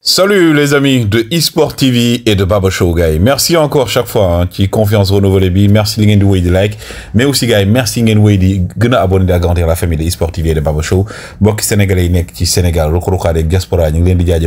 Salut les amis de eSport TV et de Baba Show, guys. Merci encore chaque fois hein, qui confiance renouvelée bi. Merci li di like mais aussi guys merci ngeen way di gën abonné la famille de eSport TV et de Baba Show mbokki sénégalais qui ci Sénégal ruq diaspora ñu ngi di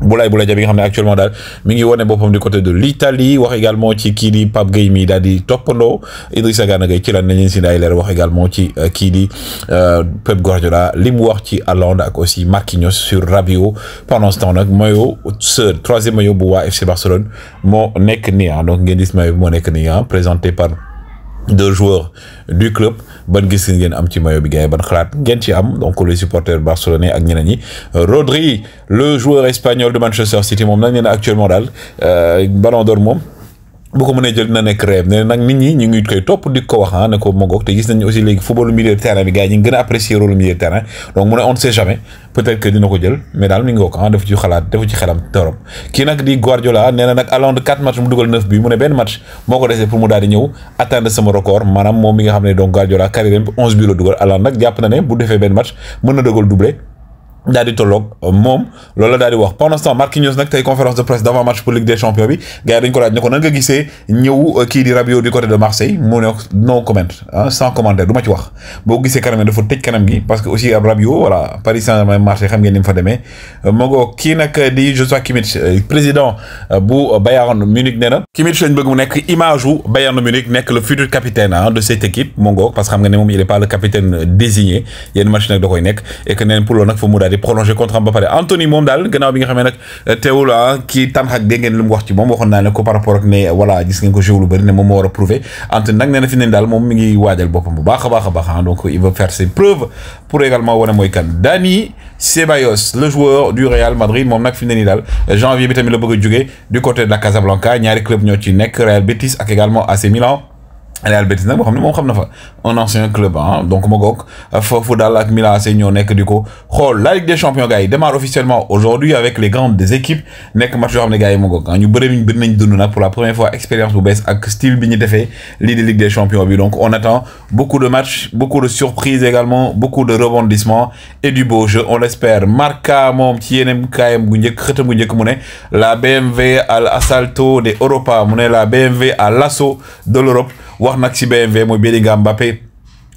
Boulaye Boulaye Dia nga actuellement dans mi ngi woné côté de l'Italie wax également ci ki di Pape mi di Idrissa Gana Gueye ci lan nañu day leer wax également ci euh, ki di euh, Pep Guardiola li wax ci ak aussi Marquinhos sur Rabiot pendant ce temps je maillot ce troisième maillot bu wa FC Barcelone mo nek ah. donc ngeen gis maillot ah, présenté par de joueurs du club Ben gis ngeen am ci maillot bi gars ban ci am donc les supporters barcelonais ak ñeneen Rodri le joueur espagnol de Manchester City moom nag nee na actuellement daal euh, ballon d'or bu ko mënee jël dina nekk rêve ne nag nit ñi ñu ngi koy topp di ko wax ah ne ko mogoog te gis nañu aussi léegi footballu milieu de terrain bi gars yi ñu ngi a apprécier rôle milieu de terrain donc mu ne on ne sait jamais peut-être que dina ko jël mais daal mi ngi ko ah dafa ci xalaat dafa ci xelam torop kii nag di Guardiola nee nag allant quatre matchs mu dugal neuf bi mu ne benn match moo ko desee pour mu daal di ñëw atteindre sama record maanaam moom mi daal di tolloog moom loolu la wax pendant ce temps Marquinhos tay conférence de presse d'avant match pour Ligue des champions bi gars dañ ko laaj ne ko nan nga gisee ñëw euh, kii di du côté de Marseille Mon ne non comment hein, sans commentaire du ci wax bo gissé kanam dafa tej kanam gi parce que aussi ab voilà Paris Saint-Germain marché xam ngeen ni fa démé euh, mogo ki nak di Joshua Kimmich euh, président bu Bayern Munich nee na Kimmich lañ bëgg mu nekk image Bayern Munich nekk le futur capitaine hein, de cette équipe mogo parce que xam nga ne moom il est pas le capitaine désigné yenn match nak da koy nekk et que neen pour loolu nag fa mu di prolongé contrat Anthony Mondal, bi nga Anthony donc il veut faire ses preuves pour également woné Dani Ceballos le joueur du Real Madrid mom nak fi eh, janvier du côté de la Casablanca ñaari club Real Betis également AC Milan. Allez Albertine, on boo fa un ancien club hein donc mogok goog foofu ak Milan c'est ñoo nekk di la Ligue des champions gars démarre officiellement aujourd'hui avec les grandes des équipes nek match yo xam gars yi ma goog ah, ñu bëri pour la première fois expérience bu bees ak style bi ñu défé li de Ligue des champions bi donc on attend beaucoup de matchs beaucoup de surprises également beaucoup de rebondissements et du beau jeu on l'espère Marca mon ci yeneen kaayam gu njëkk xëtam la BMW à l'assalto de Europa mu la BMW à l'assaut de l'Europe wax ci BMV mooy Bellingham Mbappé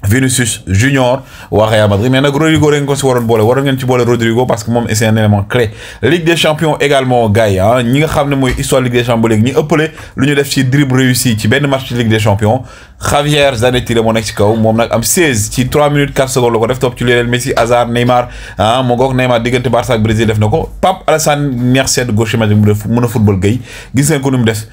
Vinicius Junior waa Real Madrid mais nag Rodrigo da ngeen ko si waroon boole waroon ngeen ci bolé Rodrigo parce que mom c'est un élément clé Ligue des champions également gay hein ah, ñi nga xamné moy histoire Ligue des champions ñi ëppalé lu ñu def ci dribble réussi ci ben match Ligue des champions Javier Zanetti de monex ci kaw am 16 ci 3 minutes 4 secondes le ref def tu ci Lionel Messi Hazard Neymar hein ah, mo gok Neymar diggante Barça Brésil def nako Pape Alassane neex gauche magique mu def football Gueye gis ko num def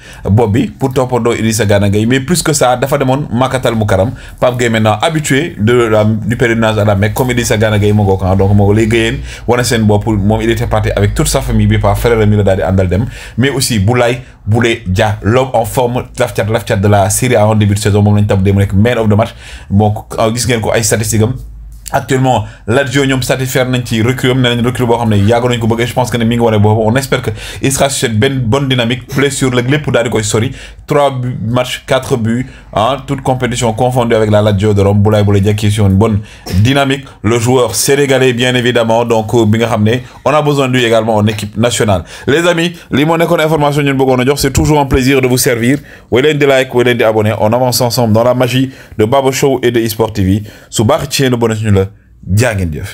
pour topodo Idrissa Gana gay mais plus que ça dafa demone Makatal Moukaram Pape Gueye maintenant habitué de la du pèlerinage à la Mecque comme Idrissa Gana gay mo gok ah, donc Mongolé, lay Guèyeen il était parti avec toute sa famille par frère mi la dem mais aussi Boulay Boulé Dia l'homme en forme laf cat laf cat de la Serie A en début de saison moom lañ tab dee mu nekk man of the match bon gis ngeen ko ay statistiques am actuellement Lazio ñoom satisfaire nañ ci recul am ne nañ recul boo xam ne je pense que mi on espère que il sera sur cette bonne dynamique plus sur le pour di koy sori trois matchs quatre buts hein toute compétition confondue avec la Lazio de Rome Boulaye Boulaye qui est sur une bonne dynamique le joueur sénégalais bien évidemment donc euh, bi on a besoin de lui également en équipe nationale les amis li moo nekkoon information ñun bëggoon c'est toujours un plaisir de vous servir ouais leen di like ouais leen di abonné on avance ensemble dans la magie de babo Show et de eSport TV su barre tiens le bonheur jaa ngeen jëf.